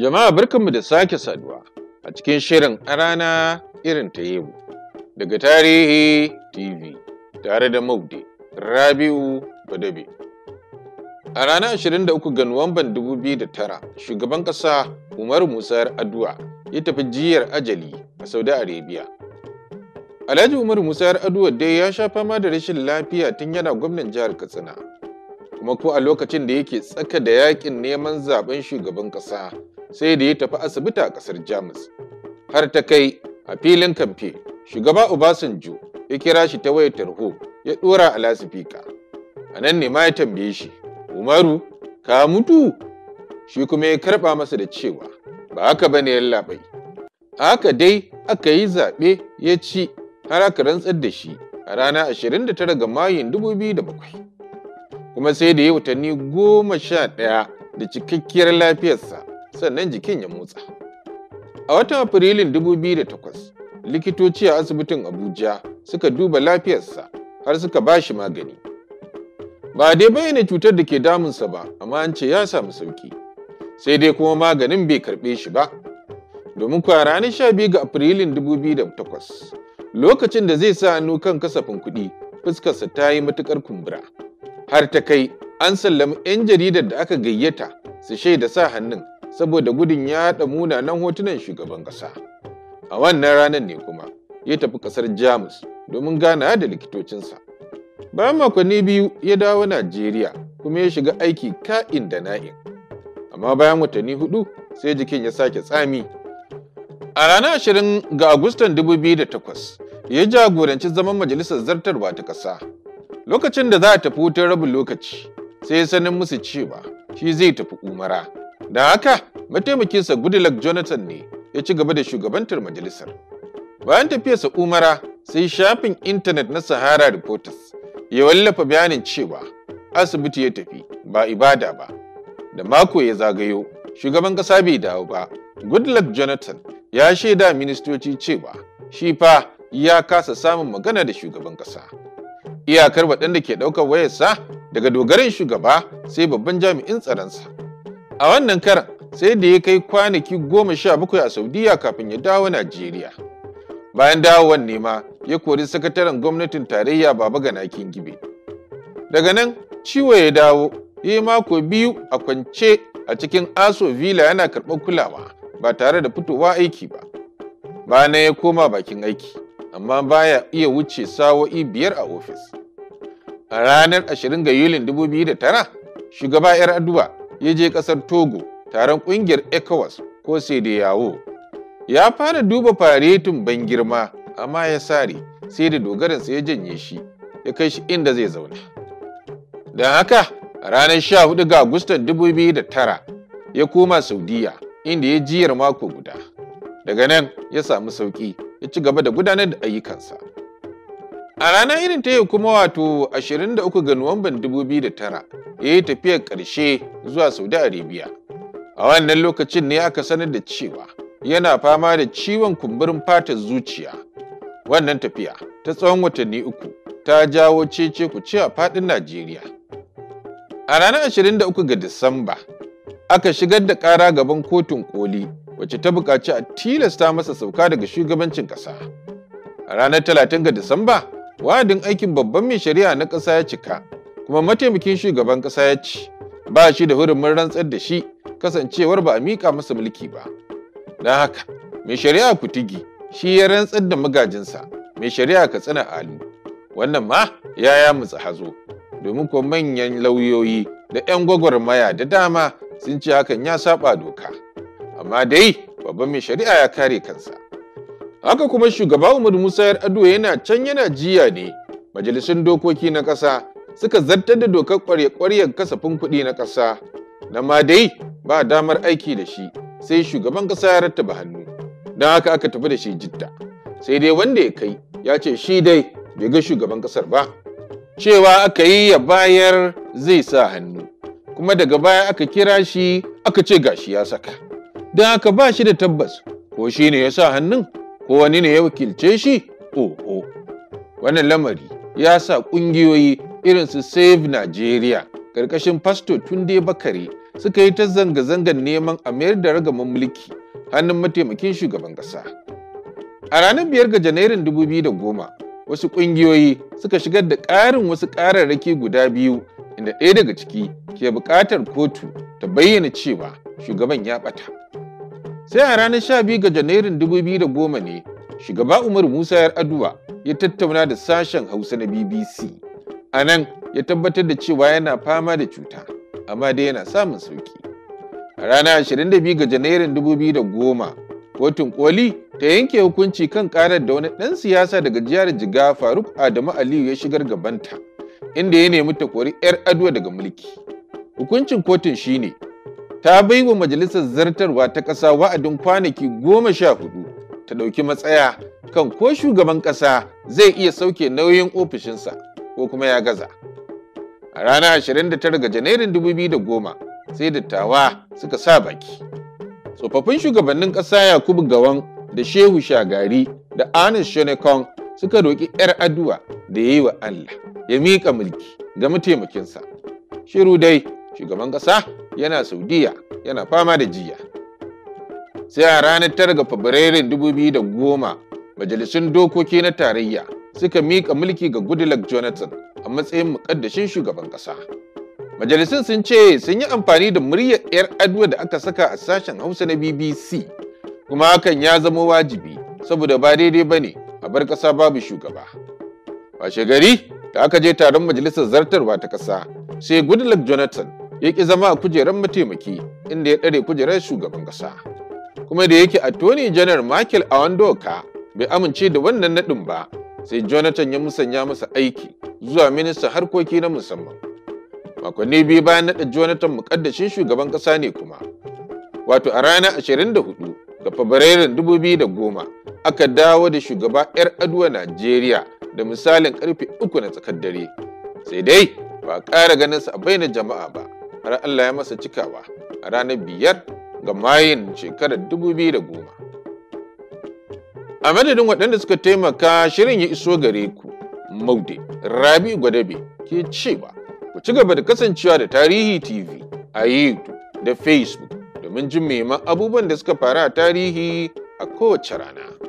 Jama'a barkanmu da sake saduwa a cikin shirin a rana irin ta yau daga Tarihi TV tare da Maude Rabi'u Badabe. A ranar 23 ga Nuwamban 2009, shugaban ƙasa Umaru Musa Addu'a ya tafi jiyar ajali a Saudi Arabia. Alhaji Umaru Musa Addu'a dai ya sha fama da rashin lafiya tun yana gwamnan jihar Katsina. Kuma ko a lokacin da yake tsaka da yakin neman zaben shugaban ƙasa sai da ya tafi asibiti a ƙasar Jamus. Har ta kai a filin kamfe, shugaba Obasanjo ya kira shi ta wayar tarho ya ɗora a lasifika. A nan ne ma ya tambaye shi, Umaru, ka mutu? Shi kuma ya karɓa masa da cewa, ba haka ba ne yallaɓai. Haka dai aka yi zaɓe ya ci har aka rantsar da shi a rana 29 ga Mayun 2007. Kuma sai da ya watanni goma sha ɗaya da cikakkiyar lafiyarsa sannan jikin ya motsa. A watan Afrilun 2008, likitoci a asibitin Abuja suka duba lafiyarsa har suka ba shi magani. Ba dai bayyana cutar da ke damunsa ba, amma an ce ya samu sauki. Sai dai kuma maganin bai karɓe shi ba. Domin kuwa ranar biyu ga Afrilun 2008, lokacin da zai sa hannu kan kasafin kuɗi, fuskarsa ta yi matuƙar kumbura. Har ta kai an sallami 'yan jaridar da aka gayyata su shaida sa hannun saboda gudun yaɗa munanan hotunan shugaban ƙasa. A wannan ranar ne kuma ya tafi ƙasar Jamus domin gana da likitocinsa. Bayan makonni biyu ya dawo Najeriya kuma ya shiga aiki ka'in da na'in. Amma bayan watanni hudu sai jikin ya sake tsami. A ranar ashirin ga Agustan 2008 ya jagoranci zaman majalisar zartarwa ta ƙasa. Lokacin da za a tafi wutar rabin lokaci sai ya sanin musu cewa shi zai tafi umara. da haka, mataimakinsa Goodluck Jonathan ne ya ci gaba da shugabantar majalisar. Bayan tafiyarsa Umara, sai shafin intanet na Sahara Reporters ya wallafa bayanin cewa asibiti ya tafi ba ibada ba. Da mako ya zagayo, shugaban ƙasa bai dawo ba. Goodluck Jonathan ya shaida ministoci cewa shi fa ya kasa samun magana da shugaban ƙasa. Iyakar waɗanda ke ɗaukar wayarsa daga dogaran shugaba sai babban jami'in tsaronsa. A wannan karan sai da ya kai kwanaki goma sha bakwai a Saudiya kafin ya dawo Najeriya. Bayan dawowan nema ya kori sakataren gwamnatin tarayya Baba Ganakin Gibe. Daga nan ciwo ya dawo ya yi mako biyu a kwance a cikin Aso Villa yana karɓar kulawa ba tare da fitowa aiki ba. Bana ya koma bakin aiki, amma baya iya wuce sawo'i biyar a ofis. A ranar 20 ga Yulin 2009, shugaba 'yar Aduwa ya je ƙasar Togo taron ƙungiyar ECOWAS ko yawo Ya fara duba faretin ban girma amma ya sare sai da dogaransa ya janye shi ya kai shi inda zai zauna. Don haka a ranar 14 ga Agustan 2009 ya koma Saudiya inda ya jiyar mako guda. Daga nan ya samu sauƙi ya ci gaba da gudanar da ayyukansa. A ranar irin ta yi kuma wato 23 ga Nuwamban 2009 ya yi tafiyar ƙarshe zuwa Saudi Arabia. A wannan lokacin ne aka sanar da cewa yana fama da ciwon kumburin fatar zuciya. Wannan tafiya ta tsawon watanni uku ta jawo cece ku ce a faɗin Najeriya. A ranar 23 ga Disamba aka shigar da ƙara gaban kotun koli wacce ta buƙaci a tilasta masa sauka daga shugabancin ƙasa. A ranar 30 ga Disamba wa'adin aikin babban mai shari'a na ƙasa ya cika kuma mataimakin shugaban ƙasa ya ci ba shi da hurumin rantsar da shi kasancewar ba a miƙa masa mulki ba Na haka mai shari'a kutigi shi ya rantsar da magajinsa mai shari'a ka katsina alu wannan ma ya ya mutsa hazo domin ko manyan lauyoyi da 'yan gwagwarmaya da dama sun ce hakan ya saba doka amma dai babban mai shari'a ya kare kansa Haka kuma shugaba Umar Musa Yar'adua yana can yana jiya ne majalisun dokoki na ƙasa suka zartar da dokar ƙwarya ƙwaryen kasafin kuɗi na ƙasa na ma dai ba damar aiki da shi sai shugaban ƙasa ya rattaba hannu don haka aka tafi da shi jitta sai dai wanda ya kai ya ce shi dai bai ga shugaban ƙasar ba cewa aka yi ya bayar zai sa hannu kuma daga baya aka kira shi aka ce gashi ya saka don haka ba shi da tabbas ko shi ne ya sa hannun ko wani ne ya wakilce shi? Oho. Wannan lamari ya sa ƙungiyoyi irin su Save Nigeria ƙarƙashin Fasto Tunde Bakare suka yi ta zanga-zangar neman a mayar da ragaman mulki hannun mataimakin shugaban ƙasa. A ranar biyar ga Janairun 2010, wasu ƙungiyoyi suka shigar da ƙarin wasu ƙararraki guda biyu inda ɗaya daga ciki ke buƙatar kotu ta bayyana cewa shugaban ya ɓata. sai a ranar 12 ga janairun 2010 ne shugaba umar musa yar aduwa ya tattauna da sashen hausa na bbc a nan ya tabbatar da cewa yana fama da cuta amma dai yana samun sauki a ranar 22 ga janairun 2010 kotun koli ta yanke hukunci kan karar da wani ɗan siyasa daga jihar jiga faruk adamu aliyu ya shigar gabanta inda ya nemi ta kori 'yar aduwa daga mulki hukuncin kotun shine ta bai wa majalisar zartarwa ta ƙasa wa'adin kwanaki goma sha hudu ta ɗauki matsaya kan ko shugaban ƙasa zai iya sauke nauyin ofishinsa ko kuma ya gaza. A ranar 29 ga Janairun 2010 sai dattawa suka sa baki. Tsofaffin shugabannin ƙasa Yakubu Gawan da Shehu Shagari da Anis Shonekong suka roƙi 'yar aduwa da ya yi wa Allah ya miƙa mulki ga mataimakinsa. Shiru dai, shugaban ƙasa yana saudiya yana fama da jiya sai a ranar tara ga fabrairun goma majalisun dokoki na tarayya suka miƙa mulki ga goodluck jonathan a matsayin muƙaddashin shugaban ƙasa majalisun sun ce sun yi amfani da muryar 'yar adwa da aka saka a sashen hausa na bbc kuma hakan ya zama wajibi saboda ba daidai ba ne a bar ƙasa babu shugaba washe gari da aka je taron majalisar zartarwa ta ƙasa sai goodluck jonathan ya ƙi zama a kujerar mataimaki inda ya ɗare kujerar shugaban ƙasa. Kuma da yake Attorney General Michael Awandoka bai amince da wannan naɗin ba, sai Jonathan ya musanya masa aiki zuwa ministan harkoki na musamman. Makonni biyu bayan naɗa Jonathan muƙaddashin shugaban ƙasa ne kuma. Wato a ranar 24 ga Fabrairun 2010 aka dawo da shugaba 'yar aduwa Najeriya da misalin karfe uku na tsakar dare. Sai dai ba a ƙara ganin sa a bayyana jama'a ba. har Allah ya masa cikawa a ranar biyar ga mayin shekarar da goma. A madadin waɗanda suka taimaka shirin ya iso gare ku, Maude, Rabi Gwadabe ke cewa ku ci gaba da kasancewa da Tarihi TV a YouTube da Facebook domin jin meman abubuwan da suka faru a tarihi a kowace rana.